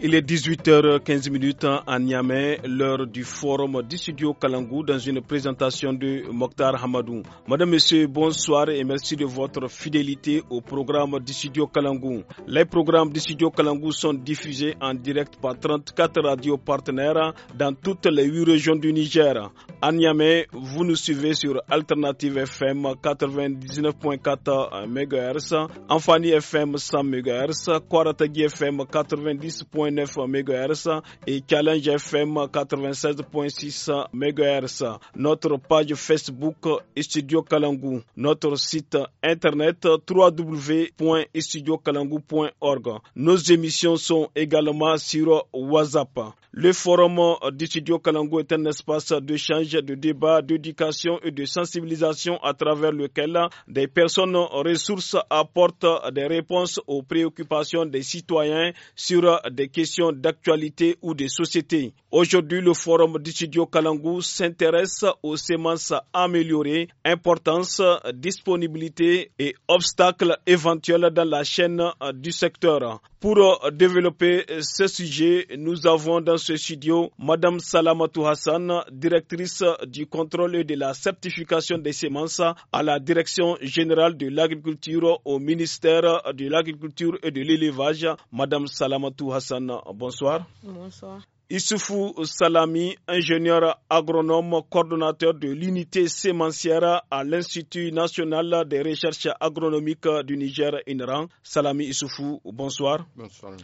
Il est 18h15 à Niamey, l'heure du forum du studio Kalangou dans une présentation de Mokhtar Hamadou. Madame, Monsieur, bonsoir et merci de votre fidélité au programme du studio Kalangou. Les programmes du studio Kalangou sont diffusés en direct par 34 radios partenaires dans toutes les huit régions du Niger. À Niamey, vous nous suivez sur Alternative FM 99.4 MHz, Amphani FM 100 MHz, Kwaratagi FM 90. MHz et Challenge FM 96.6 MHz. Notre page Facebook Studio Kalangu. Notre site internet www.studiokalangu.org. Nos émissions sont également sur WhatsApp. Le forum du Studio Kalangu est un espace d'échange, de débat, d'éducation et de sensibilisation à travers lequel des personnes ressources apportent des réponses aux préoccupations des citoyens sur des questions questions d'actualité ou de société. Aujourd'hui, le forum du studio Kalangou s'intéresse aux semences améliorées, importance, disponibilité et obstacles éventuels dans la chaîne euh, du secteur. Pour euh, développer euh, ce sujet, nous avons dans ce studio Madame Salamatou Hassan, directrice du contrôle et de la certification des semences à la Direction générale de l'agriculture au ministère de l'Agriculture et de l'élevage. Madame Salamatou Hassan, bonsoir. Bonsoir. Issoufou Salami, ingénieur agronome, coordonnateur de l'unité sémencière à l'Institut national des recherches agronomiques du Niger, INRAN. Salami Issoufou, bonsoir. Bonsoir,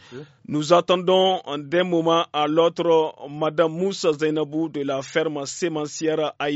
Nous attendons d'un moment à l'autre Madame Moussa Zainabou de la ferme sémencière à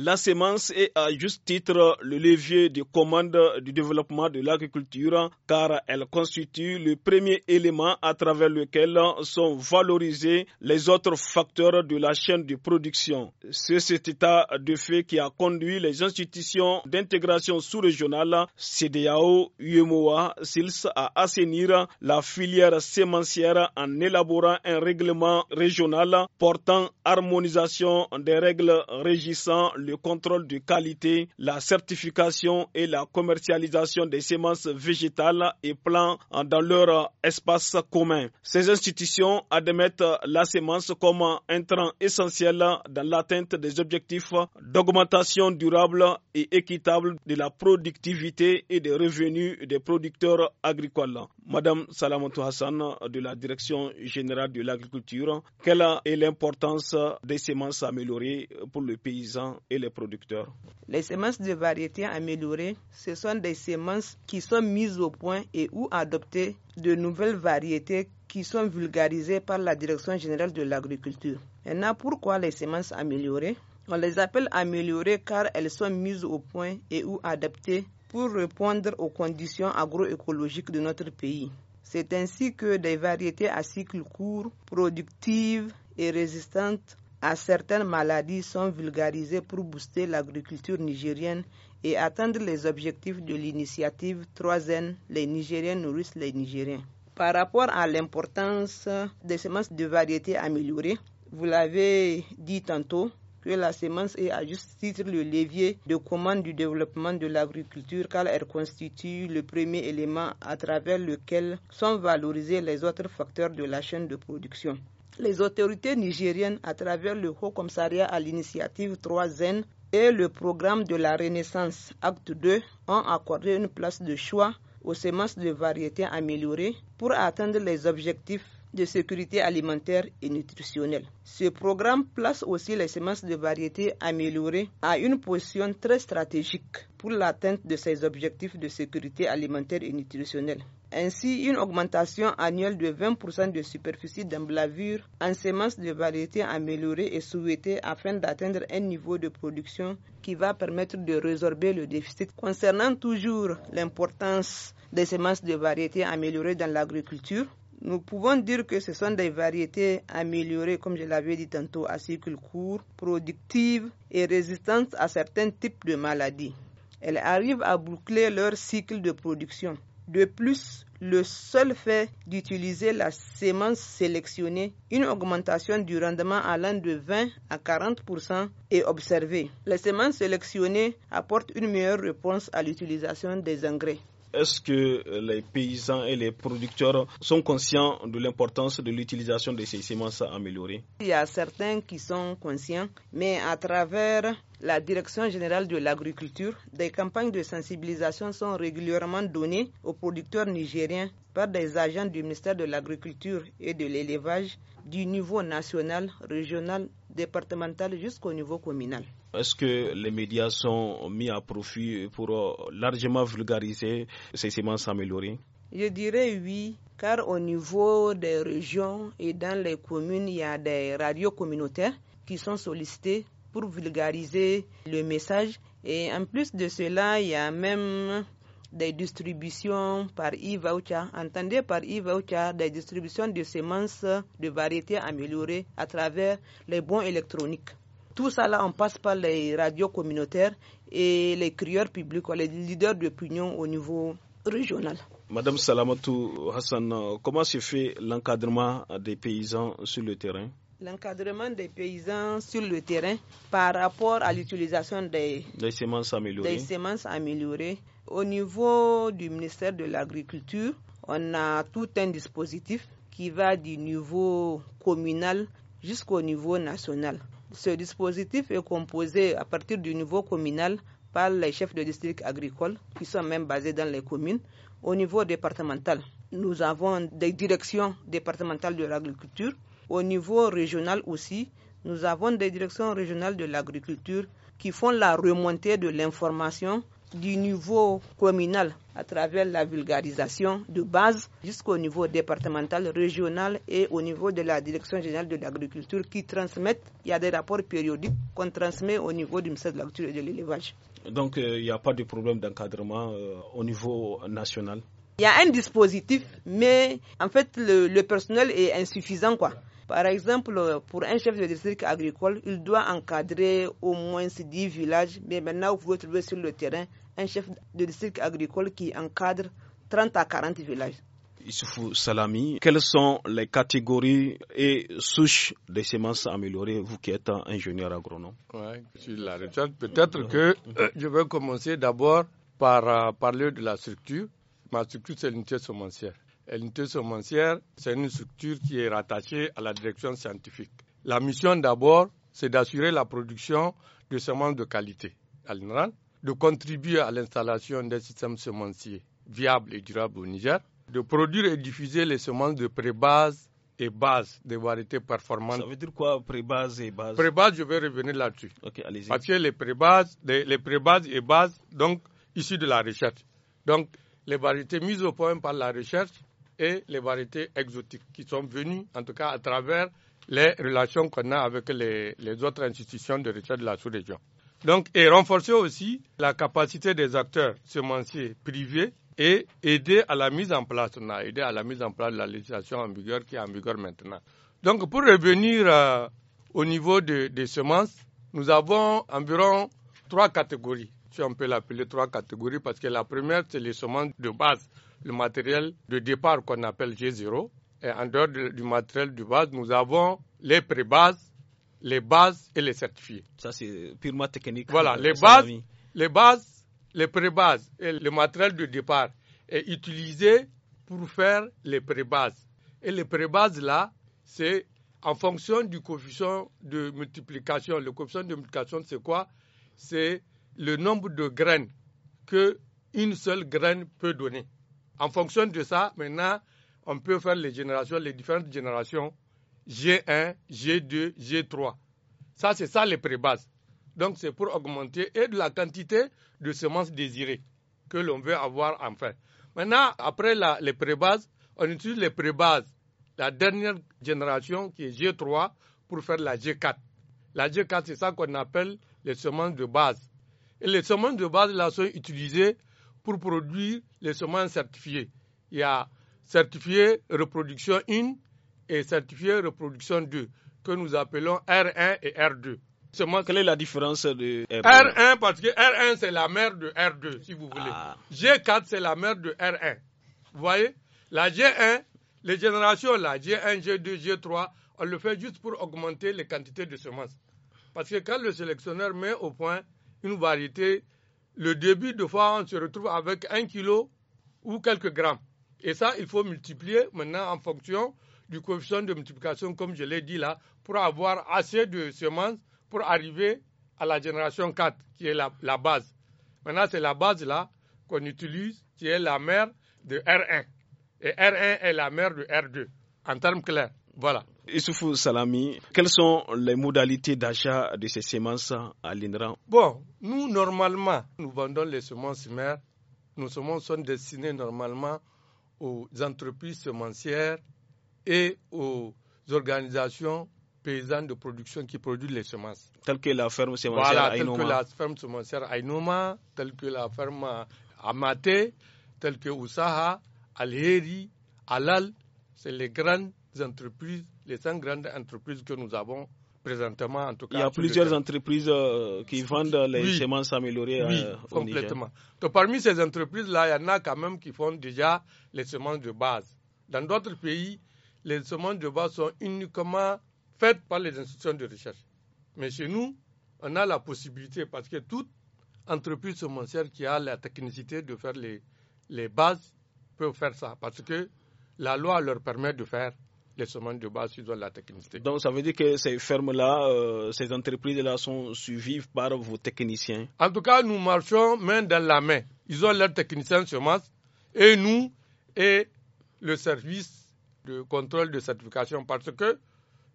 La semence est à juste titre le levier de commande du développement de l'agriculture car elle constitue le premier élément à travers lequel sont valorisés les autres facteurs de la chaîne de production. C'est cet état de fait qui a conduit les institutions d'intégration sous-régionale CDAO, UMOA, SILS à assainir la filière sémencière en élaborant un règlement régional portant harmonisation des règles régissant le le contrôle de qualité, la certification et la commercialisation des semences végétales et plants dans leur espace commun. Ces institutions admettent la semence comme un train essentiel dans l'atteinte des objectifs d'augmentation durable et équitable de la productivité et des revenus des producteurs agricoles. Madame Salamatou Hassan de la Direction générale de l'agriculture, quelle est l'importance des semences améliorées pour les paysans et les producteurs Les semences de variétés améliorées, ce sont des semences qui sont mises au point et ou adoptées de nouvelles variétés qui sont vulgarisées par la Direction générale de l'agriculture. Maintenant, pourquoi les semences améliorées on les appelle améliorées car elles sont mises au point et ou adaptées pour répondre aux conditions agroécologiques de notre pays. C'est ainsi que des variétés à cycle court, productives et résistantes à certaines maladies sont vulgarisées pour booster l'agriculture nigérienne et atteindre les objectifs de l'initiative 3N, les Nigériens nourrissent les Nigériens. Par rapport à l'importance des semences de variétés améliorées, vous l'avez dit tantôt, que la semence est à juste titre le levier de commande du développement de l'agriculture car elle constitue le premier élément à travers lequel sont valorisés les autres facteurs de la chaîne de production. Les autorités nigériennes, à travers le Haut Commissariat à l'initiative 3N et le programme de la Renaissance, acte 2, ont accordé une place de choix aux semences de variétés améliorées pour atteindre les objectifs de sécurité alimentaire et nutritionnelle. Ce programme place aussi les semences de variétés améliorées à une position très stratégique pour l'atteinte de ses objectifs de sécurité alimentaire et nutritionnelle. Ainsi, une augmentation annuelle de 20% de superficie d'emblavure en semences de variétés améliorées est souhaitée afin d'atteindre un niveau de production qui va permettre de résorber le déficit. Concernant toujours l'importance des semences de variétés améliorées dans l'agriculture, nous pouvons dire que ce sont des variétés améliorées, comme je l'avais dit tantôt, à cycle court, productives et résistantes à certains types de maladies. Elles arrivent à boucler leur cycle de production. De plus, le seul fait d'utiliser la sémence sélectionnée, une augmentation du rendement allant de 20 à 40 est observée. La semences sélectionnée apporte une meilleure réponse à l'utilisation des engrais. Est-ce que euh, les paysans et les producteurs sont conscients de l'importance de l'utilisation de ces semences améliorées Il y a certains qui sont conscients, mais à travers la Direction générale de l'agriculture, des campagnes de sensibilisation sont régulièrement données aux producteurs nigériens par des agents du ministère de l'Agriculture et de l'Élevage du niveau national, régional, départemental jusqu'au niveau communal. Est-ce que les médias sont mis à profit pour euh, largement vulgariser ces semences améliorées Je dirais oui, car au niveau des régions et dans les communes, il y a des radios communautaires qui sont sollicitées pour vulgariser le message. Et en plus de cela, il y a même des distributions par e-voucher. Entendez par e des distributions de semences de variétés améliorées à travers les bons électroniques tout ça on passe par les radios communautaires et les crieurs publics, les leaders d'opinion au niveau régional. Madame Salamatou Hassan, comment se fait l'encadrement des paysans sur le terrain L'encadrement des paysans sur le terrain par rapport à l'utilisation des, des semences améliorées. Au niveau du ministère de l'Agriculture, on a tout un dispositif qui va du niveau communal jusqu'au niveau national. Ce dispositif est composé à partir du niveau communal par les chefs de district agricoles qui sont même basés dans les communes. Au niveau départemental, nous avons des directions départementales de l'agriculture. Au niveau régional aussi, nous avons des directions régionales de l'agriculture qui font la remontée de l'information du niveau communal à travers la vulgarisation de base jusqu'au niveau départemental, régional et au niveau de la Direction générale de l'agriculture qui transmettent, il y a des rapports périodiques qu'on transmet au niveau du ministère de l'Agriculture et de l'Élevage. Donc euh, il n'y a pas de problème d'encadrement euh, au niveau national il y a un dispositif, mais en fait, le, le personnel est insuffisant, quoi. Par exemple, pour un chef de district agricole, il doit encadrer au moins 10 villages, mais maintenant vous pouvez trouver sur le terrain un chef de district agricole qui encadre 30 à 40 villages. Issoufou Salami, quelles sont les catégories et souches des semences améliorées, vous qui êtes ingénieur agronome Oui, sur la recherche, peut-être que euh, je vais commencer d'abord par euh, parler de la structure. Ma structure, c'est l'unité semencière l'unité semencière, c'est une structure qui est rattachée à la direction scientifique. La mission d'abord, c'est d'assurer la production de semences de qualité à l'INRAN, de contribuer à l'installation d'un système semencier viable et durable au Niger, de produire et diffuser les semences de pré-base et base des variétés performantes. Ça veut dire quoi, pré-base et base Pré-base, je vais revenir là-dessus. Ok, allez-y. Parce les pré les, et bases, donc, issus de la recherche. Donc, les variétés mises au point par la recherche et les variétés exotiques qui sont venues, en tout cas à travers les relations qu'on a avec les, autres institutions de recherche de la sous-région. Donc, et renforcer aussi la capacité des acteurs semenciers privés et aider à la mise en place, on a aidé à la mise en place de la législation en vigueur qui est en vigueur maintenant. Donc, pour revenir euh, au niveau des semences, nous avons environ trois catégories, si on peut l'appeler trois catégories, parce que la première, c'est les semences de base le matériel de départ qu'on appelle G0. Et en dehors du matériel de base, nous avons les prébases, les bases et les certifiés. Ça, c'est purement technique. Voilà, euh, les bases, les bases, les prébases et le matériel de départ est utilisé pour faire les prébases. Et les prébases, là, c'est en fonction du coefficient de multiplication. Le coefficient de multiplication, c'est quoi C'est le nombre de graines qu'une seule graine peut donner. En fonction de ça, maintenant, on peut faire les générations, les différentes générations, G1, G2, G3. Ça, c'est ça les prébases. Donc, c'est pour augmenter et de la quantité de semences désirées que l'on veut avoir enfin. Maintenant, après les prébases, on utilise les prébases, la dernière génération qui est G3 pour faire la G4. La G4, c'est ça qu'on appelle les semences de base. Et les semences de base, là, sont utilisées pour produire les semences certifiées. Il y a certifié reproduction 1 et certifié reproduction 2, que nous appelons R1 et R2. quelle est la différence de R1 R1, parce que R1, c'est la mère de R2, si vous voulez. Ah. G4, c'est la mère de R1. Vous voyez La G1, les générations là, G1, G2, G3, on le fait juste pour augmenter les quantités de semences. Parce que quand le sélectionneur met au point une variété le début, de fois, on se retrouve avec un kilo ou quelques grammes. Et ça, il faut multiplier maintenant en fonction du coefficient de multiplication, comme je l'ai dit là, pour avoir assez de semences pour arriver à la génération 4, qui est la, base. Maintenant, c'est la base là qu'on utilise, qui est la mère de R1. Et R1 est la mère de R2, en termes clairs. Voilà. Issoufou Salami, quelles sont les modalités d'achat de ces semences à l'INRA Bon, nous, normalement, nous vendons les semences mères. Nos semences sont destinées normalement aux entreprises semencières et aux organisations paysannes de production qui produisent les semences. Telles que la ferme semencière Ainoma. telles que la ferme semencière Ainoma, telles que la ferme Amate, telles que Oussaha, Alheri, Alal, c'est les grandes entreprises, les cinq grandes entreprises que nous avons présentement, en tout cas. Il y a plusieurs entreprises euh, qui vendent les semences améliorées euh, complètement. Donc, parmi ces entreprises-là, il y en a quand même qui font déjà les semences de base. Dans d'autres pays, les semences de base sont uniquement faites par les institutions de recherche. Mais chez nous, on a la possibilité, parce que toute entreprise semencière qui a la technicité de faire les, les bases peut faire ça, parce que la loi leur permet de faire les semences de base, ils ont la technicité. Donc ça veut dire que ces fermes-là, euh, ces entreprises-là sont suivies par vos techniciens En tout cas, nous marchons main dans la main. Ils ont leurs techniciens semences et nous et le service de contrôle de certification parce que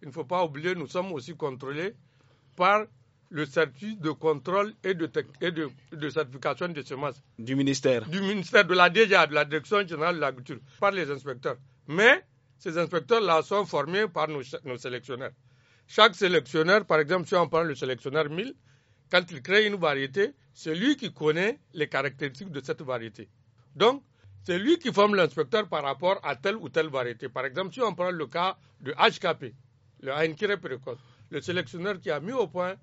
il ne faut pas oublier, nous sommes aussi contrôlés par le service de contrôle et de, certification de, semences. Du ministère. Du ministère de la DGA, de la Direction générale de l'agriculture, par les inspecteurs. Mais ces inspecteurs-là sont formés par nos, sélectionneurs. Chaque sélectionneur, par exemple, si on prend le sélectionneur 1000, quand il crée une variété, c'est lui qui connaît les caractéristiques de cette variété. Donc, c'est lui qui forme l'inspecteur par rapport à telle ou telle variété. Par exemple, si on prend le cas de HKP, le Heinkere le sélectionneur qui a mis au point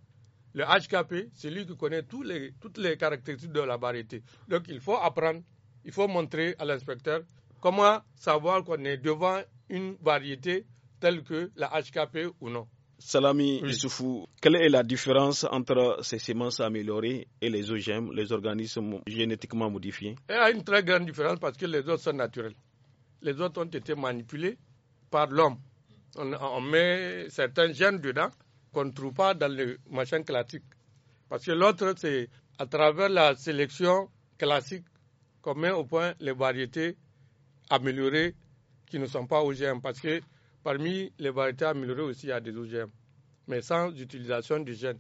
le HKP, c'est lui qui connaît tous les, toutes les caractéristiques de la variété. Donc, il faut apprendre, il faut montrer à l'inspecteur comment savoir qu'on est devant une variété telle que la HKP ou non. Salami oui. quelle est la différence entre ces semences améliorées et les OGM, les organismes génétiquement modifiés Il y a une très grande différence parce que les autres sont naturels. Les autres ont été manipulés par l'homme. On, met certains gènes dedans qu'on ne trouve pas dans le machin classique. Parce que l'autre, c'est à travers la sélection classique qu'on met au point les variétés améliorées qui ne sont pas OGM, parce que parmi les variétés améliorées aussi, il y a des OGM, mais sans utilisation du gène.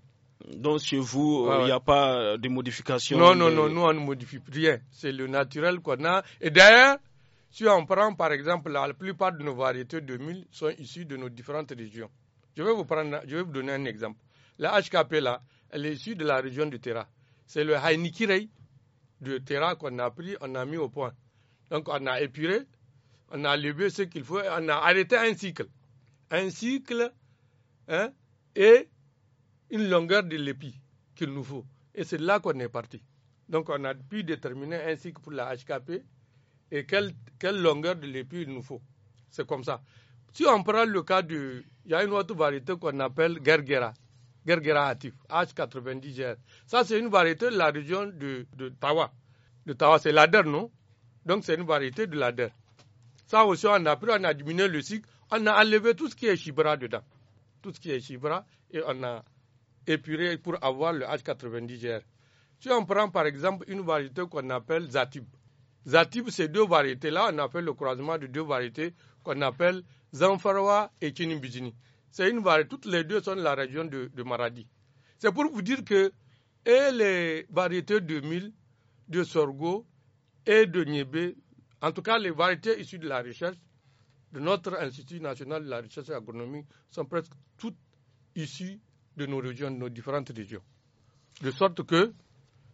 Donc chez vous, euh, il n'y a pas euh, de modification Non, non, non, nous on ne modifie rien. C'est le naturel qu'on a. Et d'ailleurs, si on prend par exemple la, plupart de nos variétés de 2000 sont issues de nos différentes régions. Je vais vous, prendre, je vais vous donner un exemple. La HKP là, elle est issue de la région de Terra. C'est le Hainikirei de Terra qu'on a pris, on a mis au point. Donc on a épuré, on a levé ce qu'il faut, on a arrêté un cycle. Un cycle hein, et une longueur de l'épi qu'il nous faut. Et c'est là qu'on est parti. Donc on a pu déterminer un cycle pour la HKP et quelle, quelle longueur de l'épi il nous faut. C'est comme ça. Si on prend le cas du... Il y a une autre variété qu'on appelle Gergera. Gergera actif, H90GR. Ça, c'est une variété de la région de, de Tawa. De Tawa, c'est l'Ader, non Donc, c'est une variété de l'Ader. Ça aussi, on a pris, on a diminué le cycle, on a enlevé tout ce qui est chibra dedans. Tout ce qui est chibra, et on a épuré pour avoir le H90GR. Si on prend par exemple une variété qu'on appelle Zatib. Zatib, c'est deux variétés-là, on appelle le croisement de deux variétés qu'on appelle Zanfarwa et Kinibijini. C'est une variété, toutes les deux sont de la région de, Maradi. C'est pour vous dire que et les variétés de mille, de sorgho et de Nyebé, en tout cas, les variétés issues de la recherche de notre Institut national de la recherche agronomique sont presque toutes issues de nos régions, de nos différentes régions. De sorte que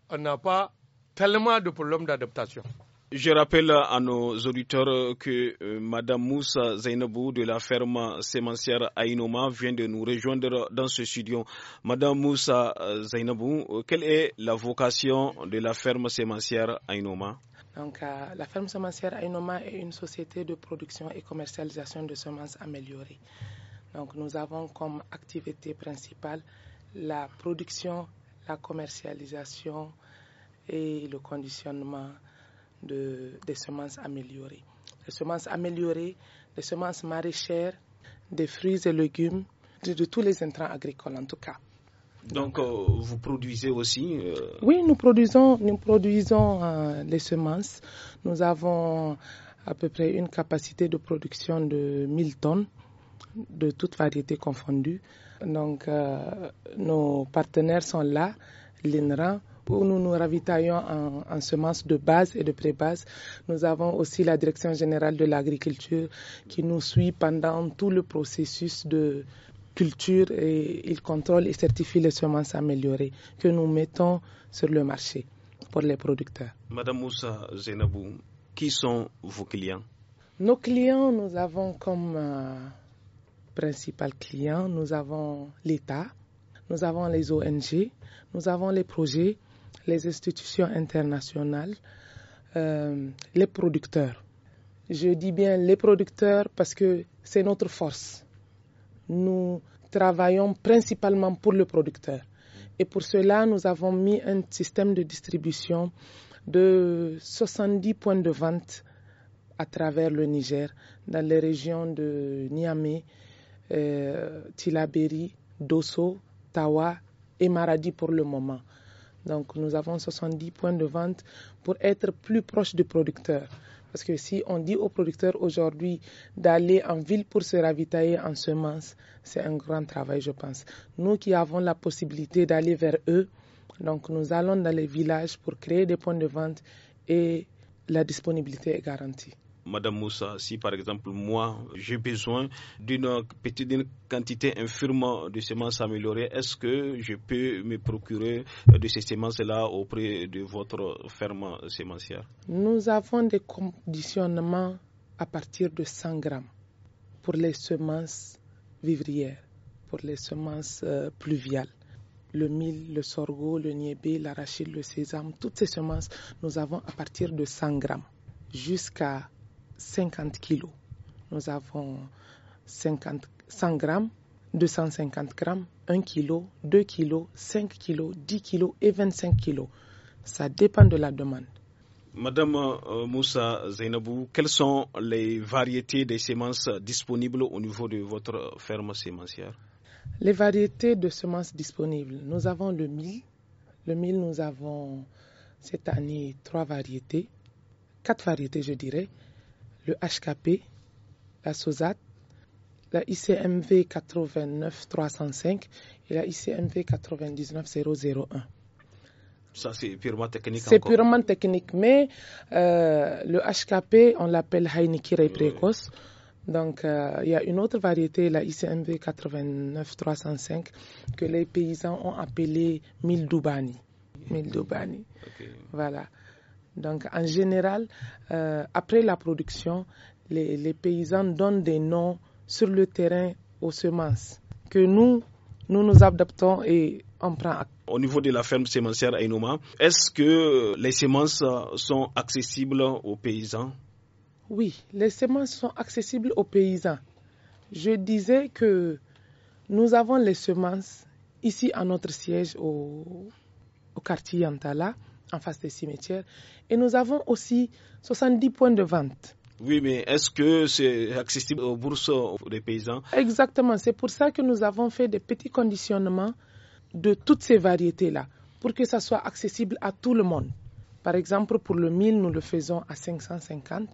on n'a pas tellement de problèmes d'adaptation. Je rappelle à nos auditeurs que Mme euh, Madame Moussa Zainabou de la ferme sémencière Ainoma vient de nous rejoindre dans ce studio. Mme Moussa euh, Zainabou, euh, quelle est la vocation de la ferme sémencière Ainoma donc, euh, la ferme semencière Ainoma est une société de production et commercialisation de semences améliorées. Donc, nous avons comme activité principale la production, la commercialisation et le conditionnement de, des semences améliorées. Les semences améliorées, les semences maraîchères, des fruits et légumes, de tous les intrants agricoles en tout cas. Donc, euh, vous produisez aussi euh, Oui, nous produisons, nous produisons euh, les semences. Nous avons à peu près une capacité de production de 1000 tonnes de toutes variétés confondues. Donc, nos partenaires sont là, l'INRA, où nous nous ravitaillons en, en semences de base et de pré-base. Nous avons aussi la Direction générale de l'agriculture qui nous suit pendant tout le processus de, culture et il contrôle et certifie les semences améliorées que nous mettons sur le marché pour les producteurs. Madame Moussa Zenabou, qui sont vos clients Nos clients, nous avons comme euh, principal client, nous avons l'État, nous avons les ONG, nous avons les projets, les institutions internationales, euh, les producteurs. Je dis bien les producteurs parce que c'est notre force nous travaillons principalement pour le producteur. Et pour cela, nous avons mis un système de distribution de 70 points de vente à travers le Niger, dans les régions de Niamey, euh, Tilaberi, Dosso, Tawa et Maradi pour le moment. Donc nous avons 70 points de vente pour être plus proche du producteur. Parce que si on dit aux producteurs aujourd'hui d'aller en ville pour se ravitailler en semences, c'est un grand travail, je pense. Nous qui avons la possibilité d'aller vers eux, donc nous allons dans les villages pour créer des points de vente et la disponibilité est garantie. Madame Moussa, si par exemple moi j'ai besoin d'une petite quantité infirme de semences améliorées, est-ce que je peux me procurer de ces semences-là auprès de votre ferme sémencière Nous avons des conditionnements à partir de 100 grammes pour les semences vivrières, pour les semences euh, pluviales le mil, le sorgho, le niébé, l'arachide, le sésame, toutes ces semences, nous avons à partir de 100 grammes jusqu'à 50 kilos. Nous avons 50, 100 grammes, 250 grammes, 1 kg, 2 kg, 5 kg, 10 kg et 25 kg. Ça dépend de la demande. Madame euh, Moussa Zainabou, quelles sont les variétés des semences disponibles au niveau de votre ferme sémencière Les variétés de semences disponibles, nous avons le mil. Le mil, nous avons cette année trois variétés, quatre variétés je dirais le HKP, la SOSAT, la ICMV 89-305 et la ICMV 99-001. Ça, c'est purement technique. C'est purement technique, mais euh, le HKP, on l'appelle Heinikirei précoce. Donc, euh, il y a une autre variété, la ICMV 89-305, que les paysans ont appelée Mildoubani. Mildoubani. Voilà. Donc en général, euh, après la production, les, paysans donnent des noms sur le terrain aux semences que nous, nous nous adaptons et on prend Au niveau de la ferme sémencière AINOMA, est-ce que les semences sont accessibles aux paysans Oui, les semences sont accessibles aux paysans. Je disais que nous avons les semences ici à notre siège au, au quartier Antala en face des cimetières. Et nous avons aussi 70 points de vente. Oui, mais est-ce que c'est accessible aux bourses des paysans Exactement, c'est pour ça que nous avons fait des petits conditionnements de toutes ces variétés-là, pour que ça soit accessible à tout le monde. Par exemple, pour le 1000, nous le faisons à 550,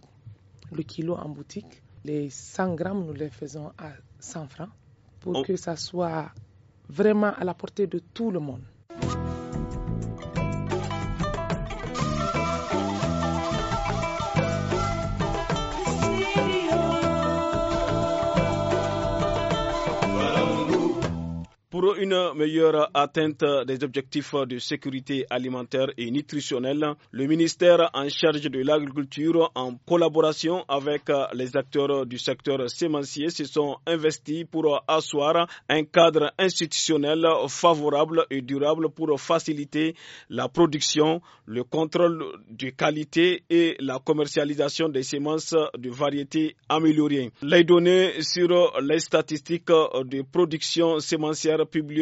le kilo en boutique. Les 100 grammes, nous les faisons à 100 francs, pour oh. que ça soit vraiment à la portée de tout le monde. pour une meilleure atteinte des objectifs de sécurité alimentaire et nutritionnelle, le ministère en charge de l'agriculture, en collaboration avec les acteurs du secteur sémencier, se sont investis pour asseoir un cadre institutionnel favorable et durable pour faciliter la production, le contrôle de qualité et la commercialisation des semences de variétés améliorées. Les données sur les statistiques de production sémencière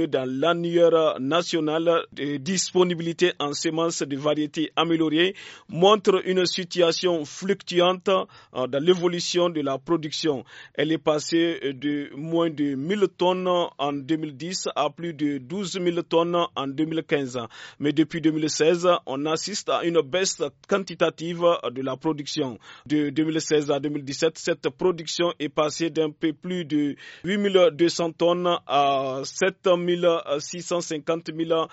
dans l'annuaire national de disponibilité en semences de variétés améliorées montre une situation fluctuante euh, dans l'évolution de la production. Elle est passée de moins de 1000 tonnes en 2010 à plus de 12 000 tonnes en 2015. Mais depuis 2016, on assiste à une baisse quantitative de la production. De 2016 à 2017, cette production est passée d'un peu plus de 8200 tonnes à 7 650 78 euh,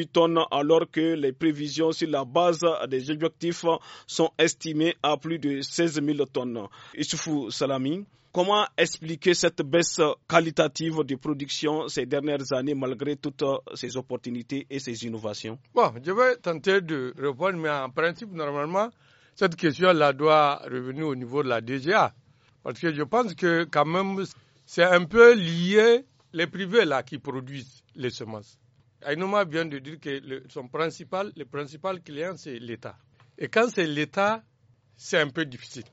euh, tonnes alors que les prévisions sur la base des objectifs sont estimées à plus de 16 000 tonnes. Issoufou Salami, comment expliquer cette baisse qualitative de production ces dernières années malgré toutes ces opportunités et ces innovations Bon, je vais tenter de répondre, mais en principe, normalement, cette question-là doit revenir au niveau de la DGA. Parce que je pense que quand même, c'est un peu lié les privés là qui produisent les semences. Ainoma vient de dire que son principal, le principal client, c'est l'État. Et quand c'est l'État, c'est un peu difficile.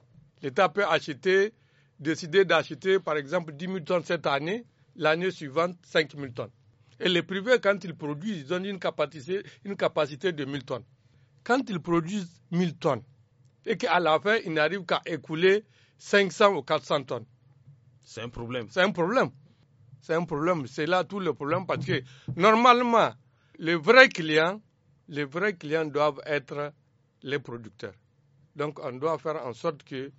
L'État peut acheter, décider d'acheter, par exemple, 10 000 tonnes cette année, l'année suivante, 5 000 tonnes. Et les privés, quand ils produisent, ils ont une capacité, une capacité de 1 000 tonnes. Quand ils produisent 1 000 tonnes, et qu'à la fin, ils n'arrivent qu'à écouler 500 ou 400 tonnes. C'est un problème. C'est un problème c'est un problème. C'est là tout le problème parce que normalement, les vrais clients, les vrais clients doivent être les producteurs. Donc on doit faire en sorte que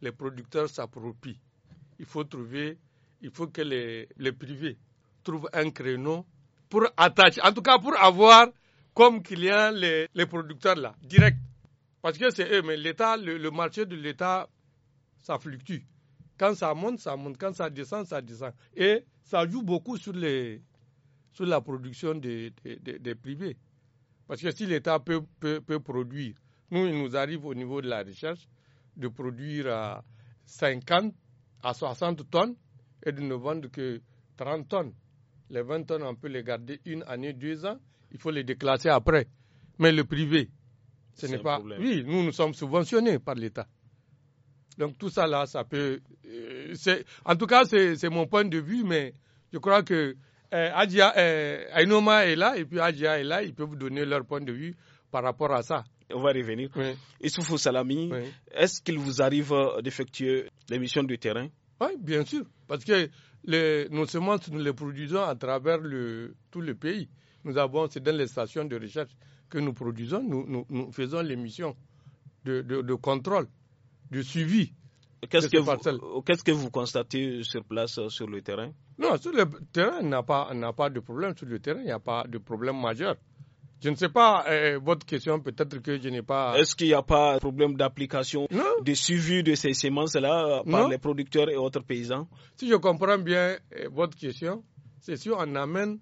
les producteurs s'approprient. Il faut trouver, il faut que les, privés trouvent un créneau pour attacher, en tout cas pour avoir comme client les, les producteurs là, direct. Parce que c'est eux, mais l'État, le, le marché de l'État, ça fluctue. Quand ça monte, ça monte. Quand ça descend, ça descend. Et ça joue beaucoup sur, la production des, privés. Parce que si l'État peut, produire, nous, il nous arrive au niveau de la recherche de produire à 50 à 60 tonnes et de ne vendre que 30 tonnes. Les 20 tonnes, on peut les garder une année, deux ans. Il faut les déclasser après. Mais le privé, ce n'est pas. Oui, nous, nous sommes subventionnés par l'État. Donc tout ça, là, ça peut. Euh, en tout cas, c'est mon point de vue, mais je crois que euh, euh est là et puis Adia est là, ils peuvent vous donner leur point de vue par rapport à ça. On va revenir. Oui. Issoufou Salami, est-ce qu'il vous arrive d'effectuer les missions de terrain Oui, bien sûr, parce que nos semences, nous les produisons à travers le, tout le pays. Nous avons, c'est dans les stations de recherche que nous produisons, nous, faisons les missions de contrôle, de suivi euh, qu'est-ce que, vous, constatez sur place, euh, sur le terrain Non, sur le terrain, n'a pas, pas de problème. Sur le terrain, il n'y a pas de problème majeur. Je ne sais pas, euh, votre question, peut-être que je n'ai pas... Est-ce qu'il n'y a pas de problème d'application, de suivi de ces semences-là par les producteurs et autres paysans Si je comprends bien votre question, c'est si on amène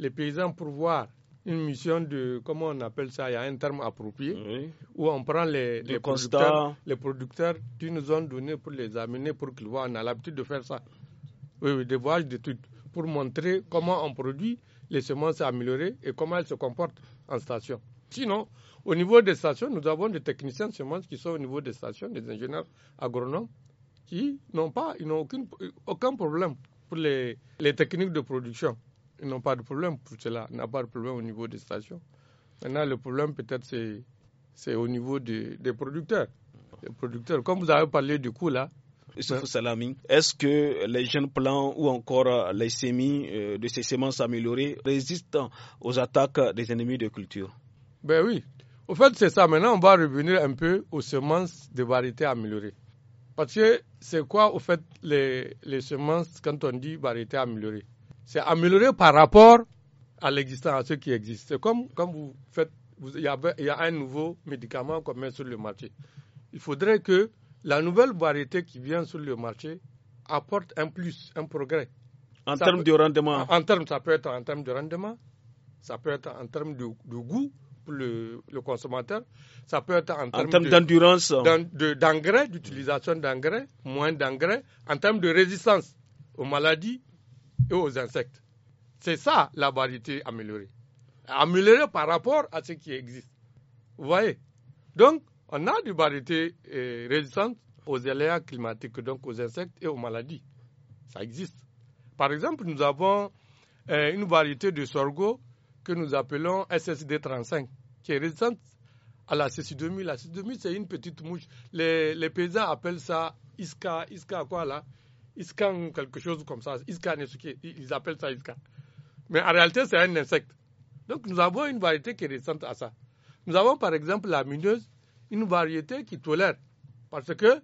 les paysans pour voir une mission de, comment on appelle ça, il y a un terme approprié, où on prend les, les producteurs, les producteurs d'une zone donnée pour les amener pour qu'ils voient. On a l'habitude de faire ça. Oui, oui, des voyages pour montrer comment on produit les semences améliorées et comment elles se comportent en station. Sinon, au niveau des stations, nous avons des techniciens de semences qui sont au niveau des stations, des ingénieurs agronomes qui n'ont pas, ils n'ont aucun problème pour les, les techniques de production. Ils n'ont pas de problème pour cela. n'y a pas de problème au niveau des stations. Maintenant, le problème, peut-être, c'est au niveau des, producteurs. Les producteurs, comme vous avez parlé du coup, là, est-ce que les jeunes plants ou encore euh, les semis euh, de ces semences améliorées résistent aux attaques des ennemis de culture Ben oui. Au fait, c'est ça. Maintenant, on va revenir un peu aux semences de variétés améliorées. Parce que c'est quoi, au fait, les, les semences quand on dit variété améliorée c'est amélioré par rapport à l'existant, à ce qui existe. Comme, comme vous faites, il, y, a un nouveau médicament qu'on met sur le marché. Il faudrait que la nouvelle variété qui vient sur le marché apporte un plus, un progrès. En termes de rendement En, ça peut être en termes de rendement, ça peut être en termes de, goût pour le, consommateur, ça peut être en, termes, d'endurance, d'engrais, d'utilisation d'engrais, moins d'engrais, en termes de résistance aux maladies, et aux insectes. C'est ça la variété améliorée. Améliorée par rapport à ce qui existe. Vous voyez Donc, on a des variétés euh, résistantes aux aléas climatiques, donc aux insectes et aux maladies. Ça existe. Par exemple, nous avons euh, une variété de sorgho que nous appelons SSD35, qui est résistante à la cécidomie. 2000 La cécidomie, 2000 c'est une petite mouche. Les, les paysans appellent ça Iska, Iska quoi là iscan, quelque chose comme ça. Iscan, ils appellent ça iscan. Mais en réalité, c'est un insecte. Donc nous avons une variété qui est récente à ça. Nous avons par exemple la mineuse, une variété qui tolère. Parce que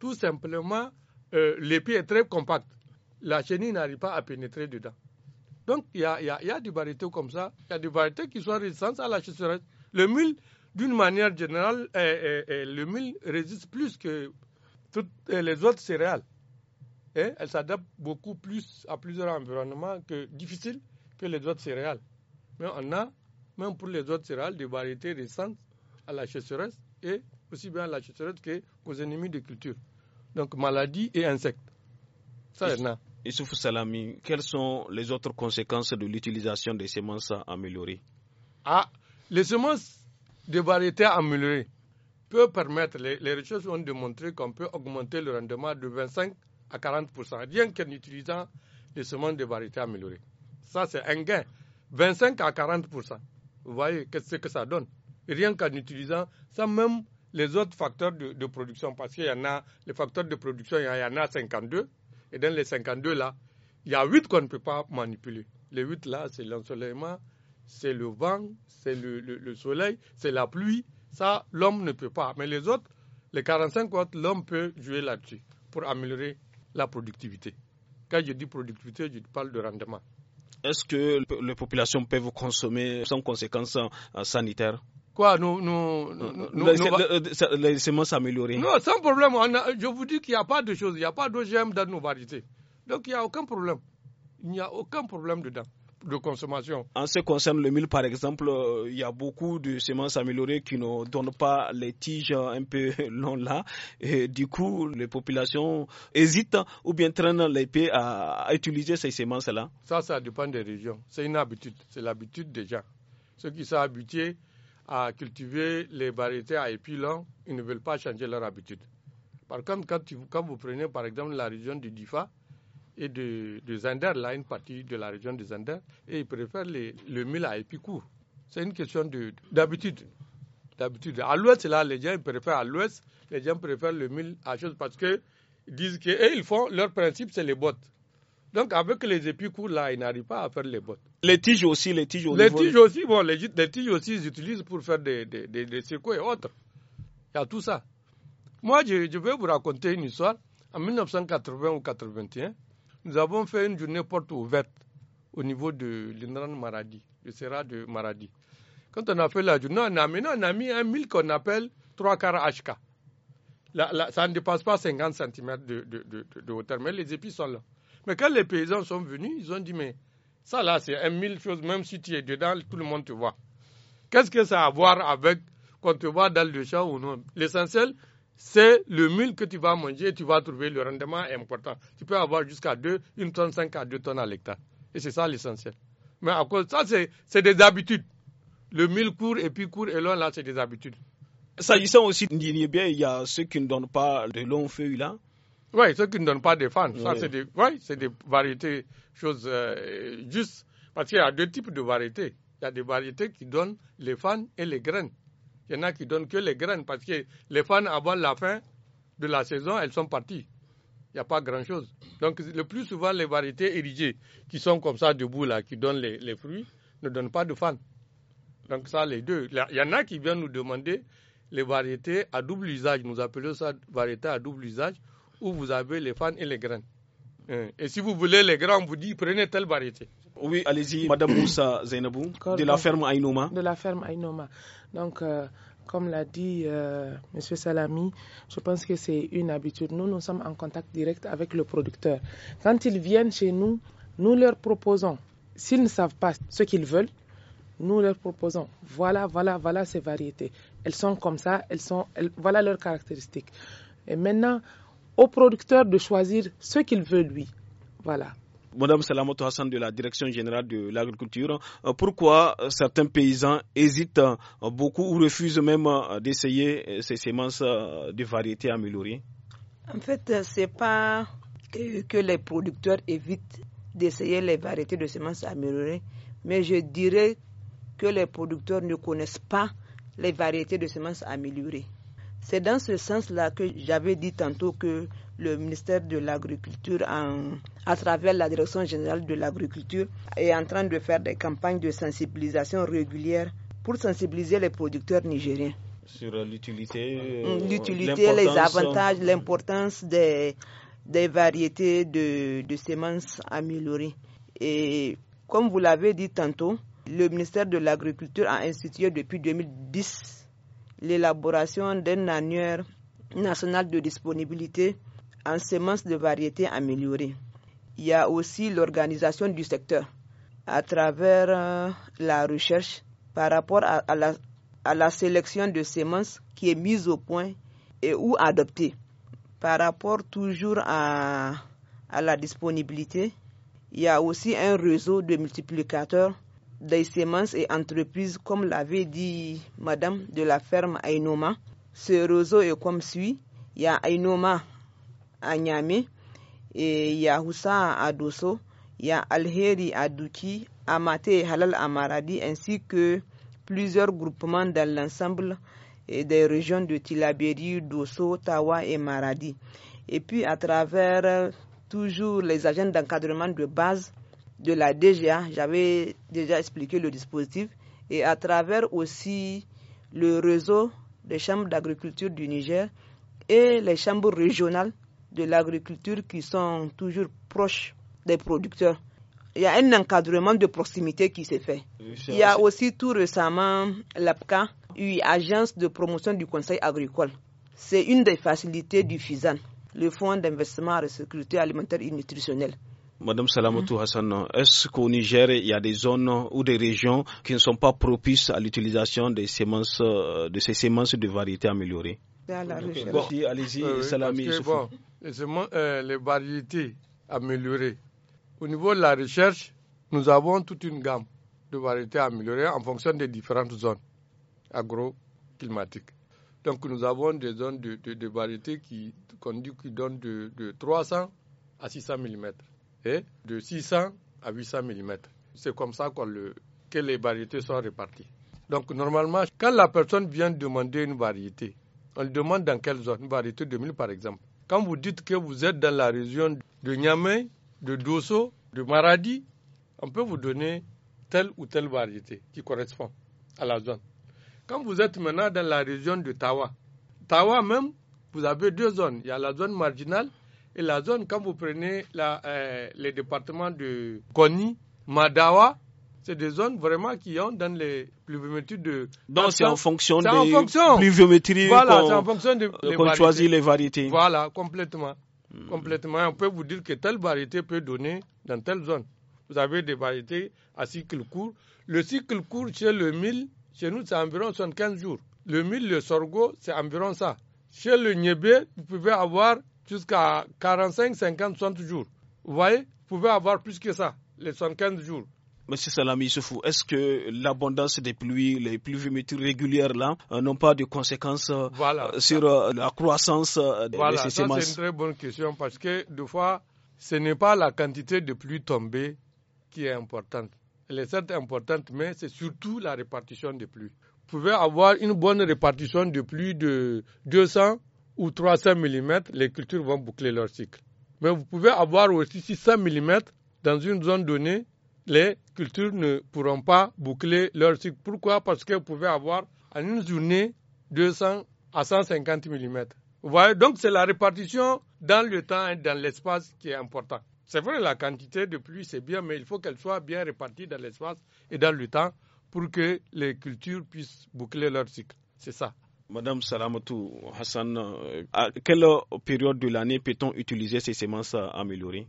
tout simplement, euh, l'épi est très compact. La chenille n'arrive pas à pénétrer dedans. Donc il y a, des variétés comme ça. Il y a des variétés qui sont résistantes à la chasseresse. Le mil, d'une manière générale, le mil résiste plus que toutes les autres céréales et elle s'adapte beaucoup plus à plusieurs environnements que difficiles que les autres céréales. Mais on a, même pour les autres céréales, des variétés récentes à la chasseresse et aussi bien à la chasseresse qu'aux ennemis de culture. Donc maladies et insectes. Ça, il y en a. Issouf Salami, quelles sont les autres conséquences de l'utilisation des semences améliorées Ah, les semences de variétés améliorées peuvent permettre, les recherches ont démontré qu'on peut augmenter le rendement de 25 à 40%, rien qu'en utilisant des semences de variétés améliorées. Ça, c'est un gain. 25 à 40%. Vous voyez ce que ça donne. Rien qu'en utilisant, ça, même les autres facteurs de, production, parce qu'il y en a, les facteurs de production, il y en a 52. Et dans les 52 là, il y a 8 qu'on ne peut pas manipuler. Les 8 là, c'est l'ensoleillement, c'est le vent, c'est le, le, soleil, c'est la pluie. Ça, l'homme ne peut pas. Mais les autres, les 45 autres, l'homme peut jouer là-dessus pour améliorer la productivité. Quand je dis productivité, je parle de rendement. Est-ce que les populations peuvent consommer sans conséquences euh, sanitaires Quoi Nous. nous, nous euh, laissez s'améliorer. Non, sans problème. je vous dis qu'il n'y a pas de choses. Il n'y a pas d'OGM dans nos variétés. Donc il n'y a aucun problème. Il n'y a aucun problème dedans de consommation. En ce qui concerne le mil, par exemple, euh, il y a beaucoup de semences améliorées qui ne donnent pas les tiges un peu longues là. Et du coup, les populations hésitent ou bien traînent les pieds à, utiliser ces semences-là. Ça, ça dépend des régions. C'est une habitude. C'est l'habitude des gens. Ceux qui sont habitués à cultiver les variétés à épis ils ne veulent pas changer leur habitude. Par contre, quand, quand vous prenez par exemple la région du Difa, et de, Zander, là, une partie de la région de Zander, et ils préfèrent le mil à épicourt. C'est une question d'habitude. D'habitude. À l'ouest, là, les gens préfèrent à l'ouest, les gens préfèrent le mil à chose parce qu'ils disent que ils font leur principe, c'est les bottes. Donc, avec les épicours, là, ils n'arrivent pas à faire les bottes. Les tiges aussi, les tiges au les Tiges aussi, bon, les, tiges aussi, ils utilisent pour faire des, des, et autres. Il y a tout ça. Moi, je, je vais vous raconter une histoire. En 1980 ou 81, nous avons fait une journée porte ouverte au niveau de l'Indran Maradi, le Sera de Maradi. Quand on a fait la journée, on a, mis un mille qu'on appelle trois quarts HK. ça ne dépasse pas 50 cm de, de, hauteur, mais les épis sont là. Mais quand les paysans sont venus, ils ont dit, mais ça là, c'est un mille choses, même si tu es dedans, tout le monde te voit. Qu'est-ce que ça a à voir avec qu'on te voit dans le champ ou non L'essentiel, c'est le mille que tu vas manger, tu vas trouver le rendement important. Tu peux avoir jusqu'à 2, une tonne 5 à 2 tonnes à l'hectare. Et c'est ça l'essentiel. Mais à cause de ça, c'est des habitudes. Le mille court et puis court et loin, là, c'est des habitudes. S'agissant aussi ni bien, il y a ceux qui ne donnent pas de longs feuilles là. Oui, ceux qui ne donnent pas de fans. Oui. c'est des, ouais, c'est des variétés, choses euh, justes. Parce qu'il y a deux types de variétés. Il y a des variétés qui donnent les fans et les graines. Il y en a qui donnent que les graines parce que les fans, avant la fin de la saison, elles sont parties. Il n'y a pas grand-chose. Donc, le plus souvent, les variétés érigées qui sont comme ça debout, là, qui donnent les, fruits, ne donnent pas de fans. Donc, ça, les deux. Il y en a qui viennent nous demander les variétés à double usage. Nous appelons ça variété à double usage où vous avez les fans et les graines. Eh, et si vous voulez, les grands vous dit, prenez telle variété. Oui, allez-y, Madame Moussa Zainabou, de la ferme Ainoma. De la ferme Ainoma. Donc, euh, comme l'a dit euh, M. Salami, je pense que c'est une habitude. Nous, nous sommes en contact direct avec le producteur. Quand ils viennent chez nous, nous leur proposons, s'ils ne savent pas ce qu'ils veulent, nous leur proposons, voilà, voilà, voilà ces variétés. Elles sont comme ça, elles sont, voilà leurs caractéristiques. Et maintenant, au producteur de choisir ce qu'il veut lui. Voilà. Madame Salamoto Hassan de la Direction générale de l'agriculture, euh, pourquoi euh, certains paysans hésitent euh, beaucoup ou refusent même d'essayer ces semences de variétés améliorées En fait, ce n'est pas que les producteurs évitent d'essayer les variétés de semences améliorées, mais je dirais que les producteurs ne connaissent pas les variétés de semences améliorées. C'est dans ce sens-là que j'avais dit tantôt que le ministère de l'Agriculture, à travers la Direction générale de l'Agriculture, est en train de faire des campagnes de sensibilisation régulières pour sensibiliser les producteurs nigériens. Sur l'utilité, euh, l'utilité, les euh, avantages, l'importance des, variétés de, de semences améliorées. Et comme vous l'avez dit tantôt, le ministère de l'Agriculture a institué depuis 2010 l'élaboration d'un annuaire national de disponibilité en semences de variétés améliorées. Il y a aussi l'organisation du secteur à travers euh, la recherche par rapport à, la, sélection de semences qui est mise au point et ou adoptée. Par rapport toujours à la disponibilité, il y a aussi un réseau de multiplicateurs des semences et entreprises, comme l'avait dit Madame de la ferme Ainoma. Ce réseau est comme suit. Il y a Ainoma à Nyame, et il y a Houssa à Dosso, il y a Alheri à Douki, Amate et Halal à Maradi, ainsi que plusieurs groupements dans l'ensemble des régions de Tilaberi, Dosso, Tawa et Maradi. Et puis à travers toujours les agents d'encadrement de base, de la DGA. J'avais déjà expliqué le dispositif et à travers aussi le réseau des chambres d'agriculture du Niger et les chambres régionales de l'agriculture qui sont toujours proches des producteurs. Il y a un encadrement de proximité qui s'est fait. Il y a aussi tout récemment l'APCA, une agence de promotion du conseil agricole. C'est une des facilités du FISAN, le Fonds d'investissement en sécurité alimentaire et nutritionnelle. Madame Salamou mm. Hassan, est-ce qu'au Niger, il y a des zones ou des régions qui ne sont pas propices à l'utilisation des euh, de ces semences de variétés améliorées Allez-y, euh, euh, les variétés améliorées. Au niveau de la recherche, nous avons toute une gamme de variétés améliorées en fonction des différentes zones agroclimatiques. Donc nous avons des zones de, variétés qui, donnent de, de 300 à 600 mm et de 600 à 800 mm. C'est comme ça que les variétés sont réparties. Donc normalement, quand la personne vient demander une variété, on lui demande dans quelle zone, une variété 2000 par exemple. Quand vous dites que vous êtes dans la région de Niamey, de Dosso, de Maradi, on peut vous donner telle ou telle variété qui correspond à la zone. Quand vous êtes maintenant dans la région de Tawa, Tawa même, vous avez deux zones. Il y a la zone marginale et la zone, quand vous prenez la, euh, les départements de Koni, Madawa, c'est des zones vraiment qui ont dans les pluviométries de. Donc c'est en fonction des pluviométries voilà, qu'on choisit les variétés. Voilà, complètement. Hmm. Complètement. On peut vous dire que telle variété peut donner dans telle zone. Vous avez des variétés à cycle court. Le cycle court chez le mil, chez nous, c'est environ 75 jours. Le mil, le sorgho, c'est environ ça. Chez le niébé, vous pouvez avoir jusqu'à 45, 50, 60 jours. Vous voyez, vous pouvez avoir plus que ça, les 75 jours. Monsieur Salami est-ce que l'abondance des pluies, les pluviométries régulières là, euh, n'ont pas de conséquences euh, sur euh, la croissance des voilà, c'est une très bonne question parce que des fois, ce n'est pas la quantité de pluie tombée qui est importante. Elle est certes importante, mais c'est surtout la répartition des pluies. Vous pouvez avoir une bonne répartition de pluie de 200 ou 300 mm, les cultures vont boucler leur cycle. Mais vous pouvez avoir aussi 600 mm dans une zone donnée, les cultures ne pourront pas boucler leur cycle. Pourquoi Parce que vous pouvez avoir en une journée 200 à 150 mm. Vous voyez, donc c'est la répartition dans le temps et dans l'espace qui est important. C'est vrai, la quantité de pluie, c'est bien, mais il faut qu'elle soit bien répartie dans l'espace et dans le temps pour que les cultures puissent boucler leur cycle. C'est ça. Madame Salamatou Hassan, euh, à quelle période de l'année peut-on utiliser ces semences améliorées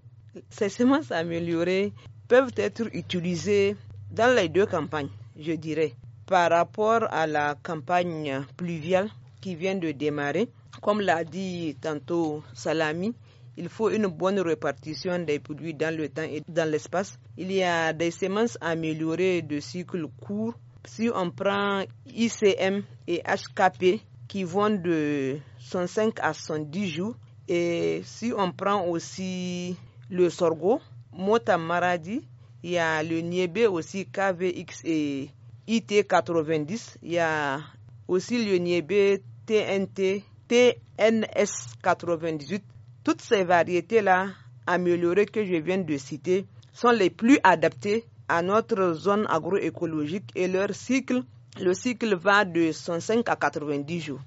Ces semences améliorées peuvent être utilisées dans les deux campagnes, je dirais. Par rapport à la campagne pluviale qui vient de démarrer, comme l'a dit tantôt Salami, il faut une bonne répartition des produits dans le temps et dans l'espace. Il y a des semences améliorées de cycle court si on prend ICM et HKP qui vont de 105 à 110 jours, et si on prend aussi le sorgho, Mota Maradi, il y a le Niébé aussi, KVX et IT90, il y a aussi le Niébé TNT, TNS98. Toutes ces variétés-là améliorées que je viens de citer sont les plus adaptées à notre zone agroécologique et leur cycle, le cycle va de 105 à 90 jours.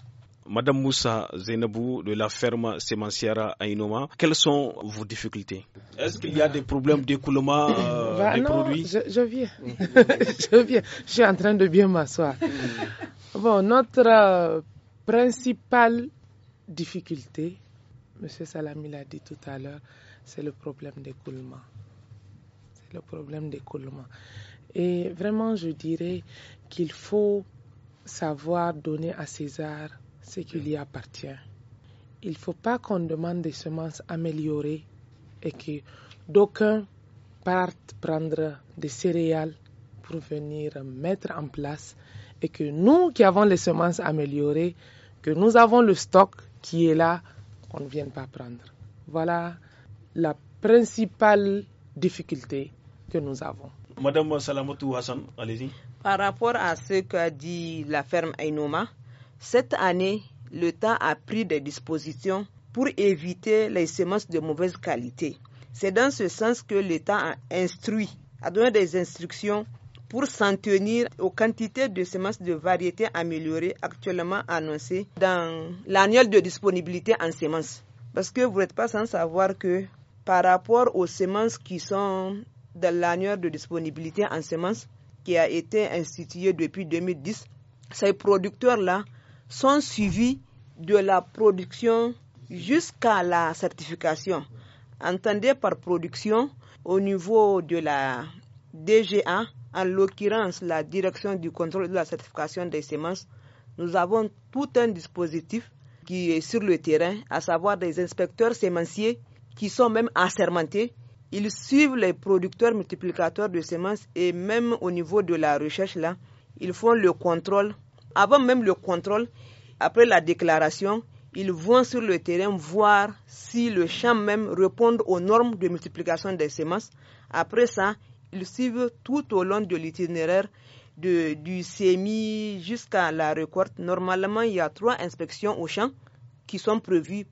Madame Moussa Zenabou de la ferme Sémancière à quelles sont vos difficultés Est-ce qu'il y a des problèmes d'écoulement euh, bah, des produits je, viens. je viens. Je suis en train de bien m'asseoir. bon, notre euh, principale difficulté, Monsieur Salami l'a dit tout à l'heure, c'est le problème d'écoulement le problème d'écoulement. Et vraiment, je dirais qu'il faut savoir donner à César ce qui lui appartient. Il ne faut pas qu'on demande des semences améliorées et que d'aucuns partent prendre des céréales pour venir mettre en place et que nous qui avons les semences améliorées, que nous avons le stock qui est là, qu'on ne vienne pas prendre. Voilà la principale difficulté que nous avons. Madame Salamotou Hassan, allez-y. Par rapport à ce qu'a dit la ferme Ainoma, cette année, l'État a pris des dispositions pour éviter les semences de mauvaise qualité. C'est dans ce sens que l'État a instruit, a donné des instructions pour s'en tenir aux quantités de semences de variétés améliorées actuellement annoncées dans l'annuel de disponibilité en semences. Parce que vous n'êtes pas sans savoir que par rapport aux semences qui sont de l'annuaire de disponibilité en semences qui a été institué depuis 2010, ces producteurs-là sont suivis de la production jusqu'à la certification. Entendez par production au niveau de la DGA, en l'occurrence la direction du contrôle de la certification des semences, nous avons tout un dispositif qui est sur le terrain, à savoir des inspecteurs sémenciers qui sont même assermentés ils suivent les producteurs multiplicateurs de semences et même au niveau de la recherche, là, ils font le contrôle. Avant même le contrôle, après la déclaration, ils vont sur le terrain voir si le champ même répond aux normes de multiplication des semences. Après ça, ils suivent tout au long de l'itinéraire du semis jusqu'à la récolte. Normalement, il y a trois inspections au champ qui sont prévues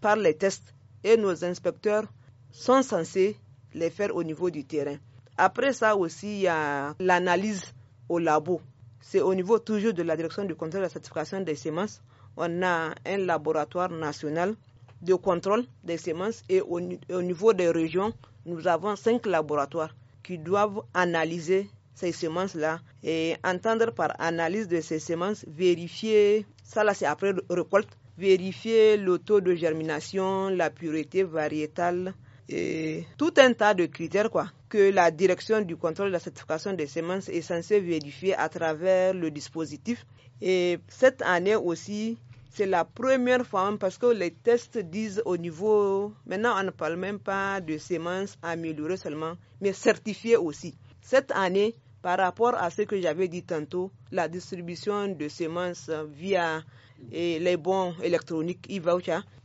par les tests et nos inspecteurs sont censés les faire au niveau du terrain. Après ça aussi, il y a l'analyse au labo. C'est au niveau toujours de la direction du contrôle de la certification des semences. On a un laboratoire national de contrôle des semences et au, niveau des régions, nous avons cinq laboratoires qui doivent analyser ces semences-là et entendre par analyse de ces semences, vérifier, ça là c'est après récolte, vérifier le taux de germination, la pureté variétale, et tout un tas de critères quoi, que la direction du contrôle de la certification des semences est censée vérifier à travers le dispositif. Et cette année aussi, c'est la première fois parce que les tests disent au niveau, maintenant on ne parle même pas de semences améliorées seulement, mais certifiées aussi. Cette année, par rapport à ce que j'avais dit tantôt, la distribution de semences via les bons électroniques e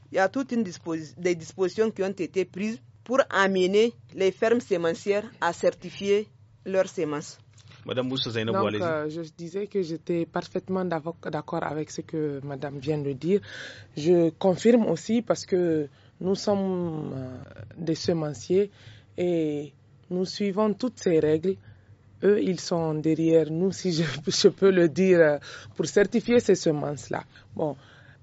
il y a toutes disposi des dispositions qui ont été prises pour amener les fermes sémencières à certifier leurs semences. Madame Moussa Zainabou, Donc, euh, je disais que j'étais parfaitement d'accord avec ce que Madame vient de dire. Je confirme aussi parce que nous sommes euh, des semenciers et nous suivons toutes ces règles. Eux, ils sont derrière nous, si je, je peux le dire, euh, pour certifier ces semences-là. Bon,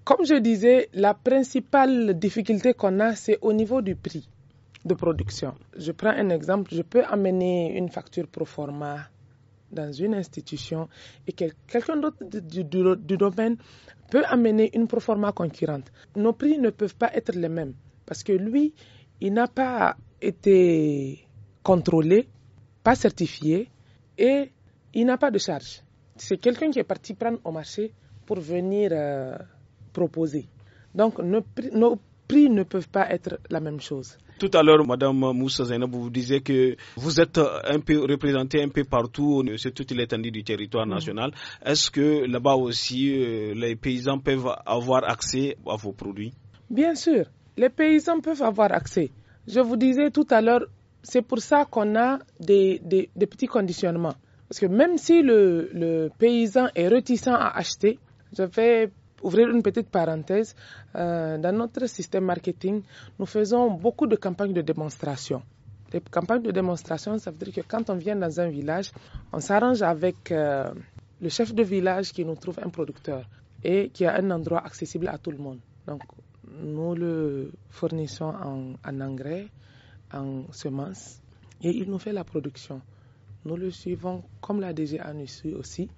comme je disais, la principale difficulté qu'on a, c'est au niveau du prix de production. Je prends un exemple, je peux amener une facture pro dans une institution et quelqu'un d'autre du, domaine peut amener une proforma concurrente. Nos prix ne peuvent pas être les mêmes parce que lui, il n'a pas été contrôlé, pas certifié et il n'a pas de charge. C'est quelqu'un qui est parti prendre au marché pour venir euh, proposer. Donc nos, nos prix ne peuvent pas être la même chose. Tout à l'heure, Madame Moussa Zainab, vous disiez que vous êtes un peu représentée un peu partout sur toute l'étendue du territoire mm. national. Est-ce que là-bas aussi, euh, les paysans peuvent avoir accès à vos produits Bien sûr, les paysans peuvent avoir accès. Je vous disais tout à l'heure, c'est pour ça qu'on a des, petits conditionnements. Parce que même si le, le paysan est réticent à acheter, je vais ouvrir une petite parenthèse. Euh, dans notre système marketing, nous faisons beaucoup de campagnes de démonstration. Les campagnes de démonstration, ça veut dire que quand on vient dans un village, on s'arrange avec euh, le chef de village qui nous trouve un producteur et qui a un endroit accessible à tout le monde. Donc, nous le fournissons en, en engrais, en semences, et il nous fait la production. Nous le suivons comme la DGA nous suit aussi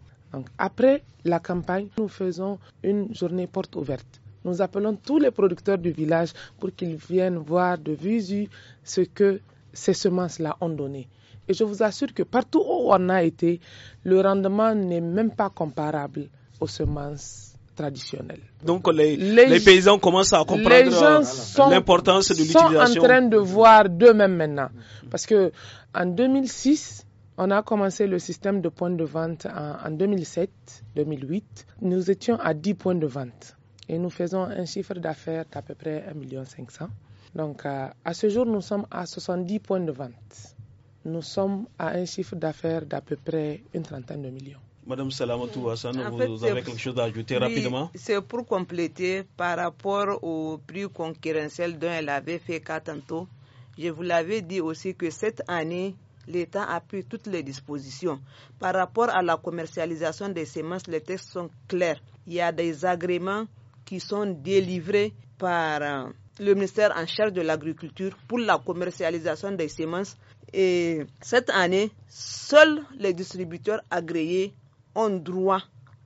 après la campagne, nous faisons une journée porte ouverte. Nous appelons tous les producteurs du village pour qu'ils viennent voir de visu ce que ces semences-là ont donné. Et je vous assure que partout où on a été, le rendement n'est même pas comparable aux semences traditionnelles. Donc les, les, paysans commencent à comprendre euh, l'importance de l'utilisation. gens sont en train de voir d'eux-mêmes maintenant. Parce que en 2006, on a commencé le système de points de vente en, 2007-2008. Nous étions à 10 points de vente et nous faisons un chiffre d'affaires d'à peu près 1,5 million. Donc euh, à ce jour, nous sommes à 70 points de vente. Nous sommes à un chiffre d'affaires d'à peu près une trentaine de millions. Madame Salamatou Hassan, vous avez quelque chose à ajouter rapidement C'est pour compléter par rapport au prix concurrentiel dont elle avait fait cas tantôt. Je vous l'avais dit aussi que cette année, l'État a pris toutes les dispositions. Par rapport à la commercialisation des semences, les textes sont clairs. Il y a des agréments qui sont délivrés par euh, le ministère en charge de l'agriculture pour la commercialisation des semences. Et cette année, seuls les distributeurs agréés ont droit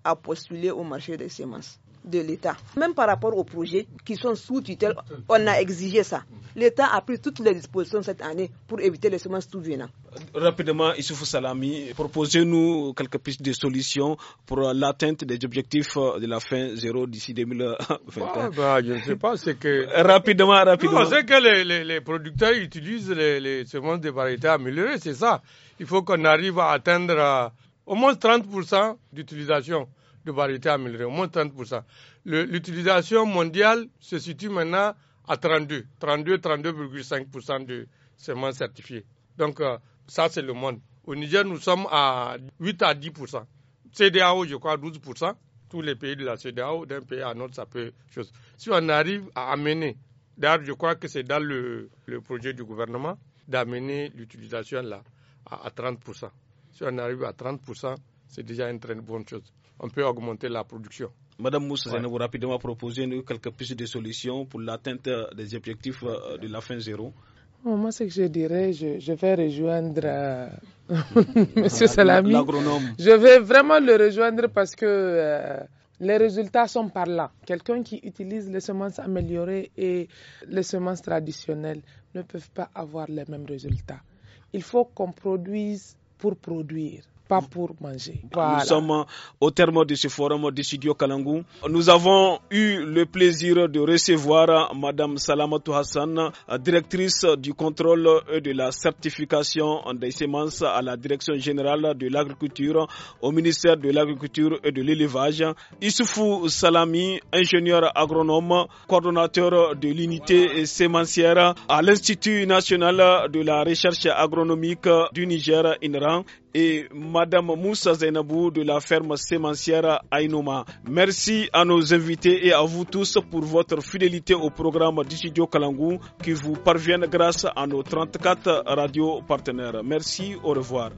à postuler au marché des semences de l'État. Même par rapport aux projets qui sont sous tutelle, on a exigé ça. L'État a pris toutes les dispositions cette année pour éviter les semences tout venant. Rapidement, Issoufou Salami, proposez-nous quelques pistes de solutions pour l'atteinte des objectifs de la fin zéro d'ici 2021. Ah, bah, je ne sais pas, c'est que... rapidement, rapidement. c'est que les, producteurs utilisent les, semences de variétés améliorées, c'est ça. Il faut qu'on arrive à atteindre euh, au moins 30% d'utilisation de variétés améliorées, au moins 30%. L'utilisation mondiale se situe maintenant à 32, 32,5% de semences certifiées. Donc, euh, ça, c'est le monde. Au Niger, nous sommes à 8 à 10%. CDAO, je crois, 12%. Tous les pays de la CDAO, d'un pays à un autre, ça peut. Chose. Si on arrive à amener, d'ailleurs, je crois que c'est dans le, projet du gouvernement d'amener l'utilisation là à 30%. Si on arrive à 30%, c'est déjà une très bonne chose. On peut augmenter la production. Madame Moussa, ouais. vous rapidement proposer quelques pistes de solutions pour l'atteinte euh, des objectifs euh, de la fin zéro. moi, ce que je dirais, je, vais rejoindre euh, M. Salami. L'agronome. Je vais vraiment le rejoindre parce que les résultats sont par là. Quelqu'un qui utilise les semences améliorées et les semences traditionnelles ne peuvent pas avoir les mêmes résultats. Il faut qu'on produise pour produire pas pour manger. Nous sommes au terme de ce forum de Studio Kalangou. Nous avons eu le plaisir de recevoir Madame Salama Hassan, directrice du contrôle et de la certification des semences à la Direction générale de l'agriculture au ministère de l'Agriculture et de l'Élevage. Issoufou Salami, ingénieur agronome, coordonnateur de l'unité sémencière à l'Institut national de la recherche agronomique du Niger, INRAN et Madame Moussa Zainabou de la ferme sémencière Ainoma. Merci à nos invités et à vous tous pour votre fidélité au programme Digidio Kalangou qui vous parvient grâce à nos 34 radios partenaires. Merci, au revoir.